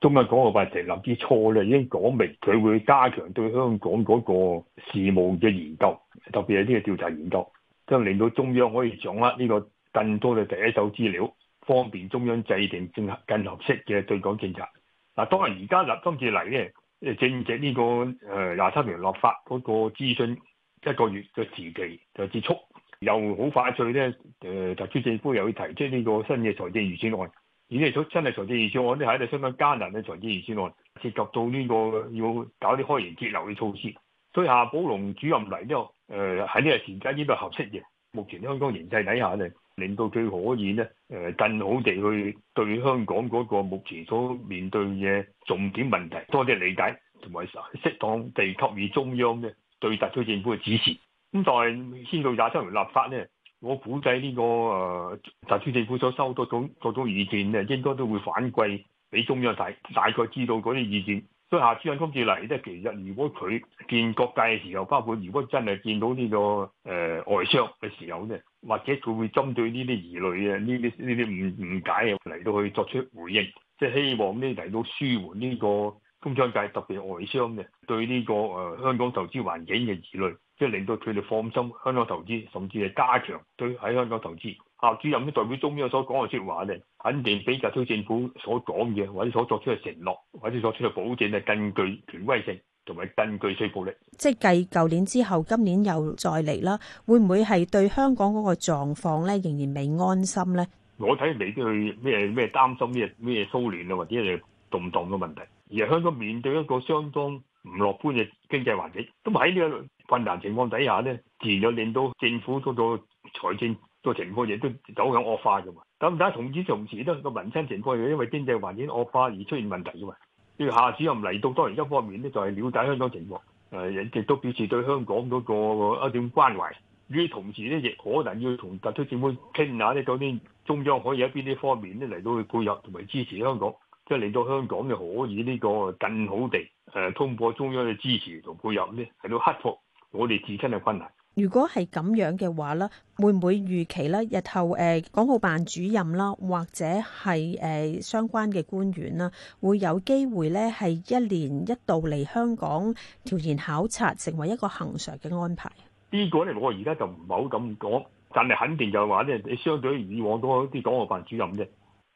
中央港澳辦成立之初咧，已經講明佢會加強對香港嗰個事務嘅研究，特別係呢個調查研究，將令到中央可以掌握呢個更多嘅第一手資料，方便中央制定政更合適嘅對港政策。嗱，當然，而家立今次嚟咧，正值呢個誒廿三條立法嗰個諮詢一個月嘅時期就結束，又好快脆咧，誒特區政府又去提出呢個新嘅財政預算案。而啲真係財政預算案，啲係喺度相當艱難嘅財政預算案，涉及到呢個要搞啲開源節流嘅措施。所以夏寶龍主任嚟呢度，誒喺呢個時間應該合適嘅，目前香港形勢底下咧，令到佢可以咧誒、呃，更好地去對香港嗰個目前所面對嘅重點問題多啲理解，同埋適當地給予中央咧對特區政府嘅指示。咁但係先到23條立法呢。我估計呢個誒特區政府所收到種各種意見咧，應該都會反饋俾中央大大概知道嗰啲意見。所以下次尹今次嚟咧，其實如果佢見各界嘅時候，包括如果真係見到呢個誒、呃、外商嘅時候咧，或者佢會針對呢啲疑慮嘅呢啲呢啲誤誤解嚟到去作出回應，即係希望呢嚟到舒緩呢個工商界特別外商嘅對呢個誒香港投資環境嘅疑慮。即係令到佢哋放心香港投資，甚至係加強對喺香港投資。啊，主任都代表中央所講嘅説話咧，肯定比特區政府所講嘅或者所作出嘅承諾，或者所作出嘅保證咧，更具權威性同埋更具說服力。即係繼舊年之後，今年又再嚟啦，會唔會係對香港嗰個狀況咧，仍然未安心咧？我睇你對咩咩擔心，咩咩蘇聯啊，或者係？動蕩嘅問題，而係香港面對一個相當唔樂觀嘅經濟環境，咁喺呢個困難情況底下呢，自然就令到政府嗰個財政個情況亦都走向惡化㗎嘛。咁但係同時同時，都個民生情況又因為經濟環境惡化而出現問題㗎嘛。呢個夏主任嚟到當然一方面呢就係、是、了解香港情況，誒亦都表示對香港嗰、那個一點關懷。與同時呢，亦可能要同特區政府傾下呢，究竟中央可以喺邊啲方面呢嚟到去配合同埋支持香港。即係嚟到香港就可以呢個更好地誒通過中央嘅支持同配合呢，係到克服我哋自身嘅困難。如果係咁樣嘅話咧，會唔會預期咧日後誒港澳辦主任啦，或者係誒相關嘅官員啦，會有機會咧係一年一度嚟香港調研考察，成為一個恒常嘅安排？呢個咧我而家就唔係好咁講，但係肯定就係話咧，你相對於以往多啲港澳辦主任啫。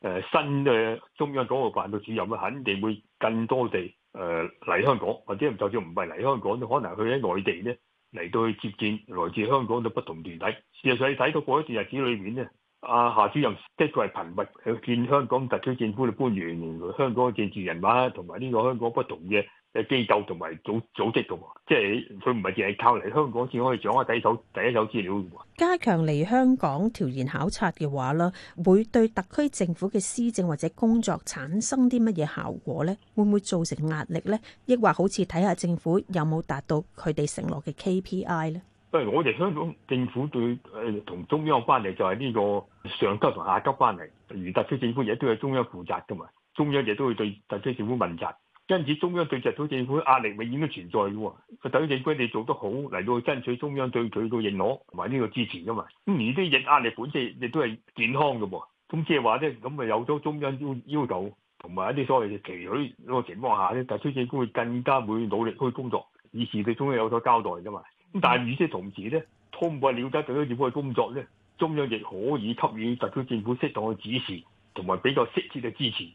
誒新嘅中央港澳辦嘅主任咧，肯定會更多地誒嚟、呃、香港，或者就算唔係嚟香港，都可能去喺內地咧嚟到去接見來自香港嘅不同團體。事實上，你睇到過一段日子裏面咧。阿夏主任，即係佢係頻密去見香港特區政府嘅官員、香港嘅政治人物，同埋呢個香港不同嘅機構同埋組組織嘅喎，即係佢唔係淨係靠嚟香港先可以掌握第一手第一手資料。加強嚟香港調研考察嘅話咧，會對特區政府嘅施政或者工作產生啲乜嘢效果咧？會唔會造成壓力咧？抑或好似睇下政府有冇達到佢哋承諾嘅 KPI 咧？因為我哋香港政府對誒同中央關係就係呢個上級同下級關係，而特區政府亦都係中央負責噶嘛，中央亦都會對特區政府問責，因此中央對特區政府壓力明顯都存在㗎喎。特區政府你做得好嚟到爭取中央對佢嘅認可同埋呢個支持噶嘛。咁而啲應壓力本身亦都係健康㗎喎。咁即係話咧，咁咪有咗中央要要求同埋一啲所謂嘅期許嗰個情況下咧，特區政府會更加會努力去工作，以示對中央有所交代噶嘛。但係與此同時呢，通過瞭解特區政府的工作呢，中央亦可以給予特區政府適當嘅指示，同埋比較適切嘅支持。